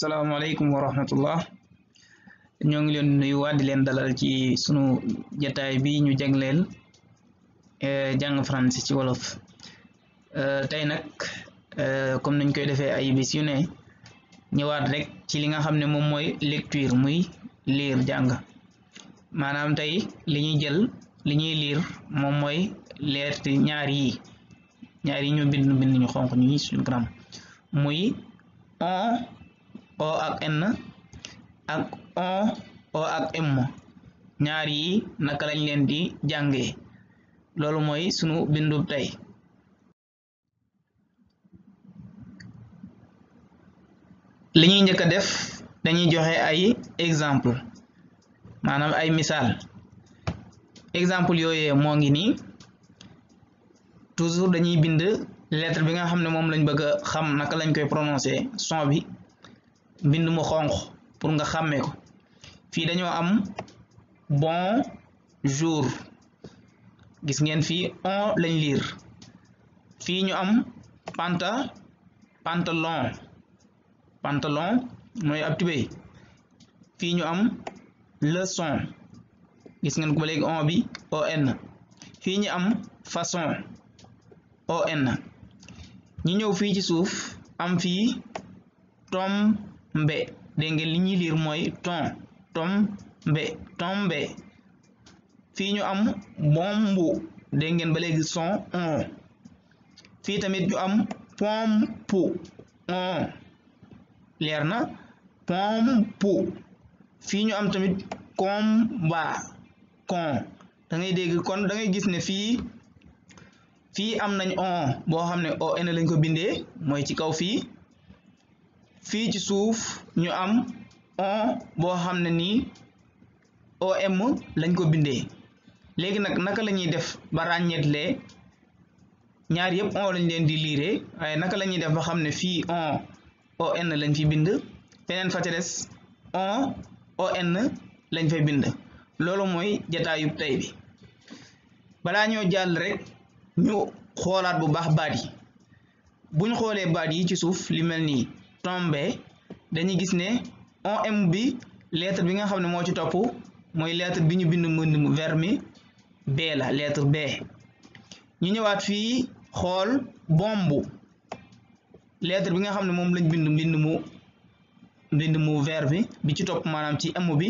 salaamaaleykum wa rahmatullah ñoo ngi leen nuyuwaat di leen dalal ci suñu jataay bi ñu jagleel eh, jàng français ci wolof eh, tey nag eh, comme nañ koy defee ay bis yu ne ñëwaat rek ci li nga xam ne moom mooy lecture muy liir jàng maanaam tey li ñuy jël li ñuy liir moom mooy leerti ñaar yi ñaar yi ñu bind bind ñu xonq ñi suñu gram muy on o ak n ak on o ak m ñaar yi naka lañ leen di jànge loolu mooy sunu bindub tey li ñuy njëkk a def dañuy joxe ay exemple maanaam ay misaal exemple yooyee moo ngi nii toujours dañuy bind lettre bi nga xam ne moom lañ bëgg a xam naka lañ koy prononcer son bi mbind mu xonq pour nga xàmmee ko fii dañoo am bon jour gis ngeen fii on leñ liir fii ñu am panta pantalon pantalon mooy ab tubéy fii ñu am leçon gis ngeen ko ba léegi on bi on fii ñu am façon on ñi ñëw fii ci suuf am fii tom mbe dégg ngeen li ñuy liir mooy ton tom mbe tombe fii ñu am bombu dégg ngeen ba léegi son on fii tamit ñu am pompu on leer na pompu fi ñu am tamit combat kon da ngay dégg kon dangay gis ne fii fii am nañ on boo xam ne on lañ ko bindee mooy ci kaw fii fii ci suuf ñu am on boo xam ne nii om lañ ko bindee léegi nag naka lañuy def ba ràññeetlee ñaar yëpp on lañ leen di liire waaye naka lañuy def ba xam ne fii on on lañ fi bind feneen fa ca des on on lañ fay bind loolu mooy jataayub tey bi balaa ñoo jàll rek ñu xoolaat bu baax baat yi buñ xoolee baat yi ci suuf li mel nii tombé dañu gis ne on bi lettre bi nga xam ne moo ci topp mooy lettre bi ñu bind mbind verbe mi B la lettre B ñu ñëwaat fii xool bombu lettre bi nga xam ne moom lañ bind mbind mu mbind mu verbe bi bi ci topp maanaam ci m bi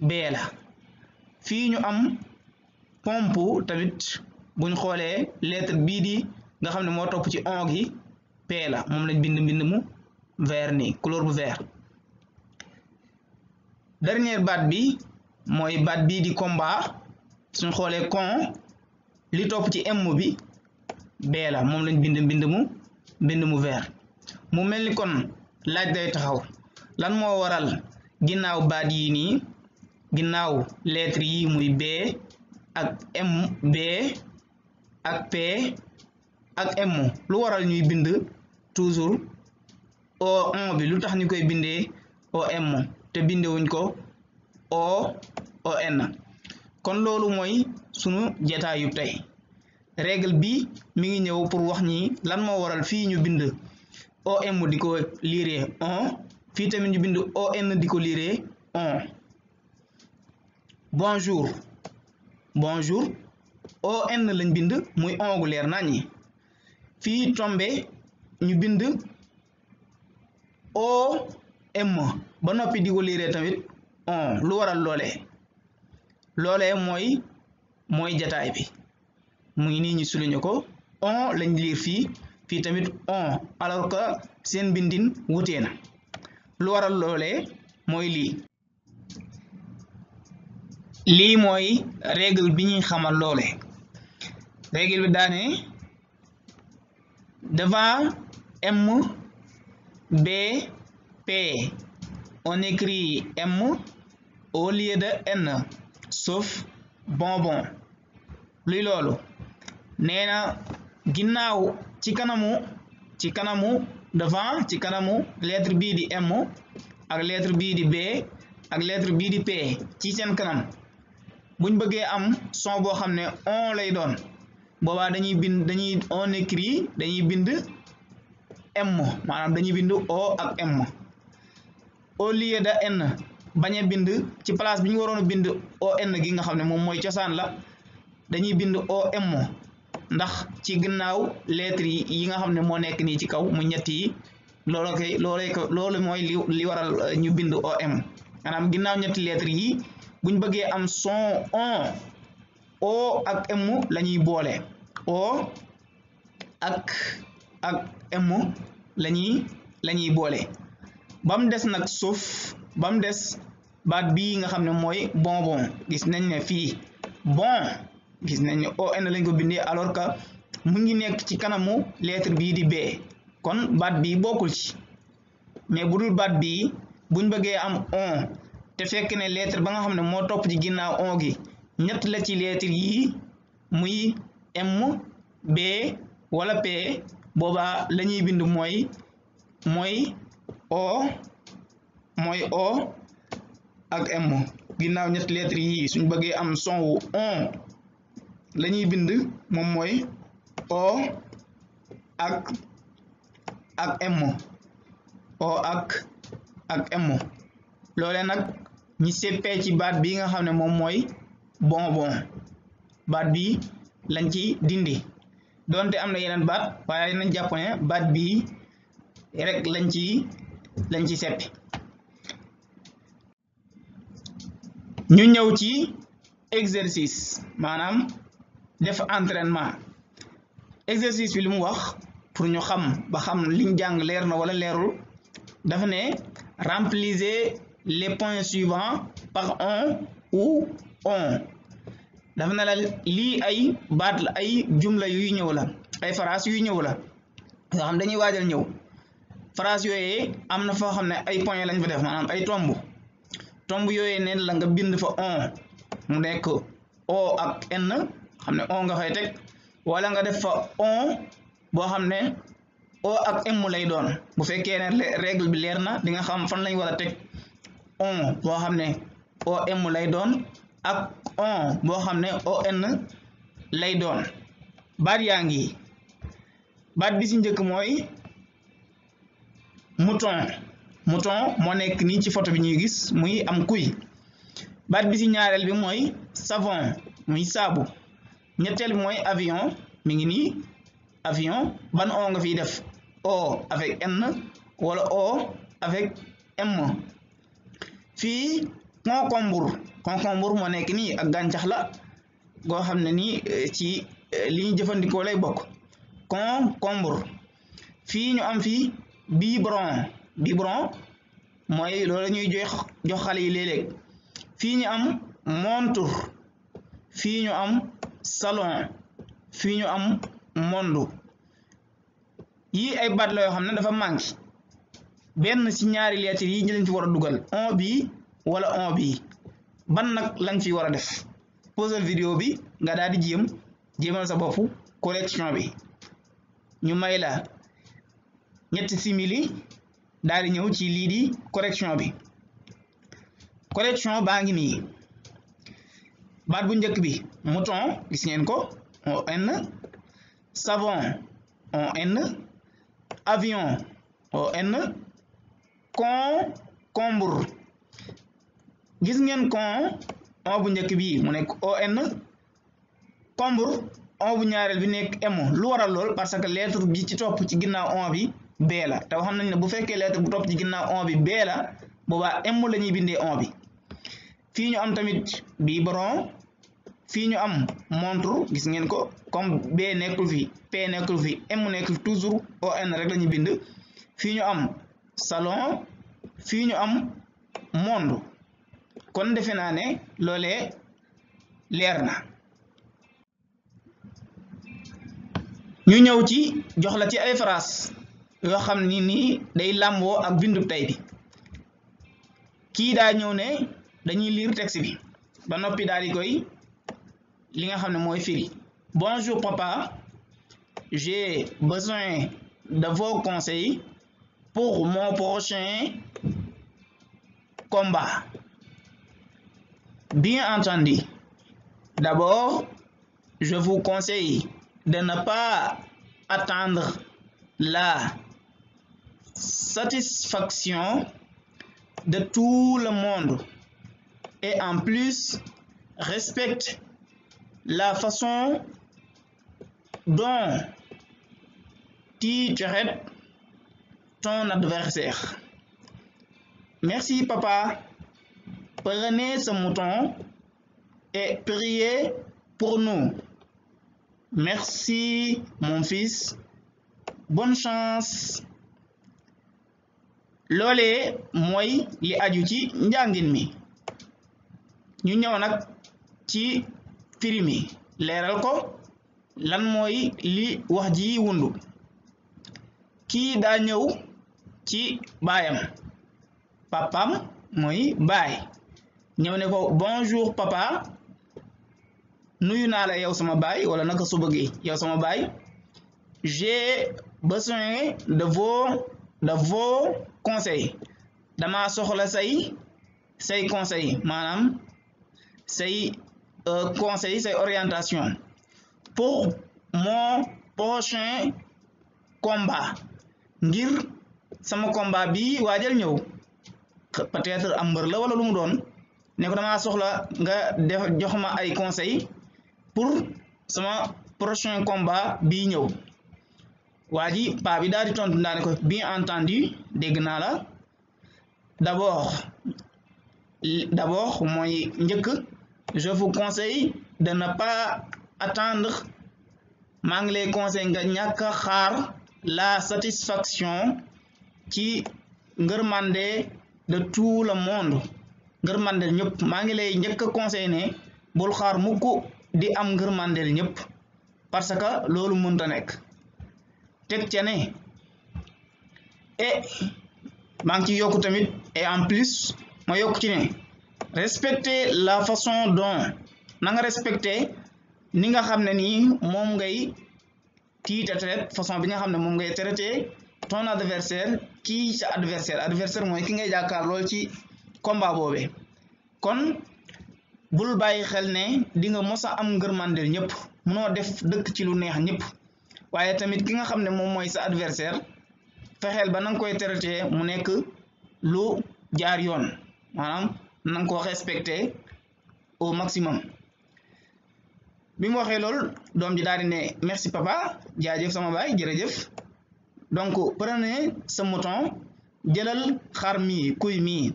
B la fii ñu am pompe tamit buñ xoolee lettre bii di nga xam ne moo topp ci on gi P la moom lañ bind bind mu vert nii couleur bu vert dernière baat bi mooy baat bii di combat suñ xoolee koŋ li topp ci M bi B moom lañ bind bind mu bind mu vert mu mel ni kon laaj day taxaw lan moo waral ginnaaw baat yi nii ginnaaw lettre yi muy B ak M B ak P ak M lu waral ñuy bind toujours OM bi lu tax ñu koy bindee OM te bindewuñ ko OON kon loolu mooy sunu jetaayu tey règle bi mi ngi ñëw pour wax ñi lan moo waral fii ñu bind OM di ko liiree tamit ñu bind di ko liiree on bonjour bonjour ON lañ bind muy on gu leer nañ ñi fii tombé ñu bind o m ba noppi di ko liiree tamit on lu waral loole loole mooy mooy jataay bi mu ngi nii ñu ko on lañ liir fii fii tamit on alors que seen bindin wutee na lu waral loolee mooy lii lii mooy régle bi ñuy xamal loole règle bi daane devant M, B, P. On écrit M au lieu de N, bon bonbon. luy loolu nee na ginnaaw ci kanamu ci kanamu devant ci kanamu lettre bii di M ak lettre bii di B ak lettre bii di P ci seen kanam buñ bëggee am son boo xam ne on lay doon boobaa dañuy bind dañuy on écrit dañuy bind m maanaam dañuy bind o ak m au lieu de n bañ bind ci place bi ñu waroon bind o n gi nga xam ne moom mooy cosaan la dañuy bind o m ndax ci ginnaaw lettre yi yi nga xam ne moo nekk nii ci kaw mu ñett loolu koy loolu mooy li waral euh, ñu bind o m maanaam ginnaaw ñetti lettre yi buñ bëggee am son on o ak m la boole o ak ak m la ñuy la boole ba des nag suuf ba des baat bi nga xam ne mooy bon bon gis nañ ne fii bon gis nañ ne on lañ ko bindee alors que mu ngi nekk ci kanamu lettre bii di b kon baat bii bokkul ci mais bu dul baat bii buñ bëggee am on te fekk ne lettre ba nga xam ne moo topp ci ginnaaw on gi ñett la ci lettre yi muy m b wala p boobaa la ñuy bind mooy mooy o mooy o ak m ginnaaw ñetti lettre yii suñ bëggee am son wu on la ñuy bind moom mooy o ak ak m o ak ak m loole nag ñi seppee ci baat bi nga xam ne moom mooy bonbon baat bi lañ ci dindi donte am na yeneen baat waaye nañ jàpp baat bii rek lañ ci lañ ci seppi ñu ñëw ci exercice maanaam def entrainement exercice bi li mu wax pour ñu xam ba xam liñ jàng leer na wala leerul dafa ne remplissez les points suivants par un ou on dafa ne la lii ay baat la ay jumla yuy ñëw la ay phrase yuy ñëw la yoo xam dañuy waajal ñëw phrase yooye am na foo xam ne ay point lañ fa def maanaam ay tomb tomb yooyee neen la nga bind fa on mu nekk o ak n xam ne on nga fay teg wala nga def fa on boo xam ne o ak m lay doon bu fekkee ne règle bi leer na di nga xam fan lañ war a teg on xam ne o m lay doon ak on boo xam ne on lay doon baat yaa ngi baat bi ci njëkk mooy mouton mouton moo nekk nii ci photo bi ñuy gis muy am kuy baat bi ci ñaareel bi mooy savon muy saabu ñetteel bi mooy avion mi ngi nii avion ban o nga fiy def o avec n wala o avec m fii concombre concombre moo nekk nii ak gàncax la goo xam ne nii eh, ci eh, li ñu jëfandikoo lay bokk concombre fii ñu am fii biberon biberon mooy loolu la ñuy jox jox xale yi léeg fii ñu am montre fii ñu am salon fii ñu am mondu yii ay baat la yoo xam ne dafa manqué benn ci ñaari lettre yi ñu leen ci war a dugal on bi wala on bi ban nag lan ci war a def pose vidéo bi nga daal di jéem jéemal sa boppu correction bi ñu may la ñetti simili daal di ñëw ci lii di correction bi correction baa ngi nii baat bu njëkk bi mouton gis ngeen ko on savon on avion on concombre gis ngeen kon on bu njëkk bii mu nekk on combre on bu ñaareel bi nekk mo lu waral lool parce que lettre bi ci topp ci ginnaaw on bi b la te waxoon nañ ne bu fekkee lettre bu topp ci ginnaaw on bi b la boobaa mo la ñuy bindee on bi fii ñu am tamit biberon fii ñu am montre gis ngeen ko comme b nekkul fi p nekkul fi m nekkul toujours on rek la ñuy bind fii ñu am salon fii ñu am monde kon defe naa ne loole leer na ñu ñëw ci jox la ci ay phrase yoo xam ni nii day làmboo ak bindu tey bi kii daa ñëw ne dañuy liir texte bi ba noppi daal di koy li nga xam ne mooy firi bonjour papa j'ai besoin de vos conseils pour mon prochain combat Bien entendu, d'abord, je vous conseille de ne pas attendre la satisfaction de tout le monde et en plus respecte la façon dont tu traites ton adversaire. Merci prenez ce mouton et priez pour nous. Merci, mon fils. Bonne chance. loolee mooy li aju ci njàngin mi ñu ñëw nag ci firi mi ko lan mooy li wax ji wundu kii daa ñëw ci baayam papam mooy baay ñëw ne ko bonjour papa nuyu naa la yow sama baay wala naka suba gi yow sama baay j'ai besoin de vos de vos conseil dama soxla say say conseil maanaam say euh, conseil say orientation pour mon prochain combat ngir sama combat bi waajal ñëw peut-être mbër la wala lu mu doon ne ko damaa soxla nga jox ma ay conseil pour sama prochain combat bii ñëw waa ji paa bi daal di tontu ndaa ne ko bien entendu dégg naa la d'abord d'abord mooy njëkk je conseil conseille de ne pas attendre maa ngi lay conseil nga ñàkk a xaar la satisfaction ci ngërmande de tout le monde ngërmandel ñëpp maa ngi lay njëkk a conseil ne bul xaar mukk di am ngërmandel ñëpp parce que loolu mënta nekk teg ca ne et maa ngi ci yokku tamit et en plus ma yokk ci ne respecter la façon dont na nga respecter ni nga xam ne nii moom ngay kii te traite façon bi nga xam ne moom ngay traiter ton adversaire kii sa adversaire adversaire mooy ki ngay jàkkaar lool ci combat boobee kon bul bàyyi xel ne dinga nga a am ngërmandel ñëpp munoo def dëkk ci lu neex ñëpp waaye tamit ki nga xam ne moom mooy sa adversaire fexeel ba na nga koy traité mu nekk lu jaar yoon maanaam na nga ko respecté au maximum bi mu waxee loolu doom ji daal di ne merci papa jaajëf sama baay jërëjëf donc prenez ce mouton jëlal xar mi kuy mi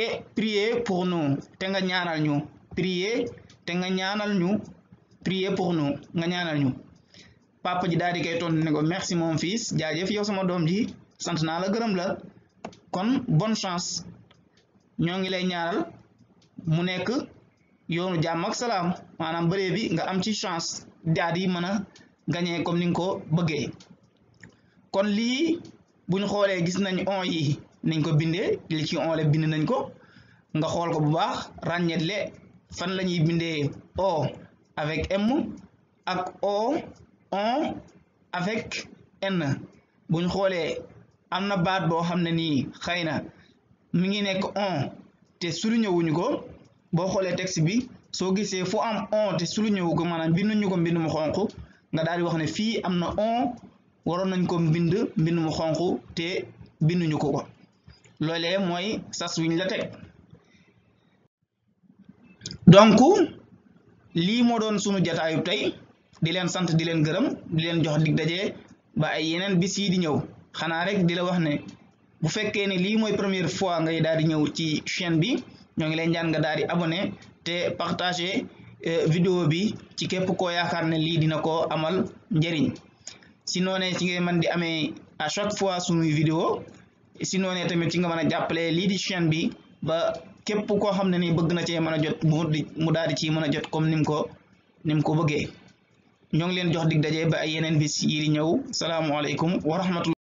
et priez pour nous te nga ñaanal ñu priez te nga ñaanal ñu priez pour nous nga ñaanal ñu papa ji daal di tontu ne ko merci mon fils jaajëf yow sama doom ji sant naa la gërëm la kon bonne chance ñoo ngi lay ñaanal mu nekk yoonu jàmm ak salaam maanaam bëree bi nga am ci chance daal di mën a gañee comme ni nga ko bëggee kon lii buñ xoolee gis nañu on yi nañ ko bindee li ci on le bind nañ ko nga xool ko bu baax le fan lañuy bindee o avec m ak o on avec n buñ xoolee am na baat boo xam ne nii xëy na mu ngi nekk on te souligné ñëwuñu ko boo xoolee texte bi soo gisee fu am on te souligné wu ko maanaam binduñu ko mbind mu xonq nga daal di wax ne fii am na on waroon nañ ko mbind mbind mu xonq te binduñu ko ko loolee mooy sas wiñ la teg donc lii moo doon sunu jataayub tey di leen sant di leen gërëm di leen jox dig daje ba ay yeneen bis yi di ñëw xanaa rek di la wax ne bu fekkee ne lii mooy première fois ngay daal di ñëw ci chaîne bi ñoo ngi leen jaan nga daal di abonné te partager euh, vidéo bi ci képp ko yaakaar ne lii dina ko amal njëriñ si noonee ci ngay mën di amee à chaque fois sunuy vidéo si noonee tamit ci nga mën a jàppale lii di chaîne bi ba képp koo xam ne ni bëgg na cee mën a jot mu di mu daal di ci mën a jot comme ni mu ko ni mu ko bëggee ñoo ngi leen jox dig daje ba ay yeneen bis yi di ñëw salaamualeykum wa rahmatullah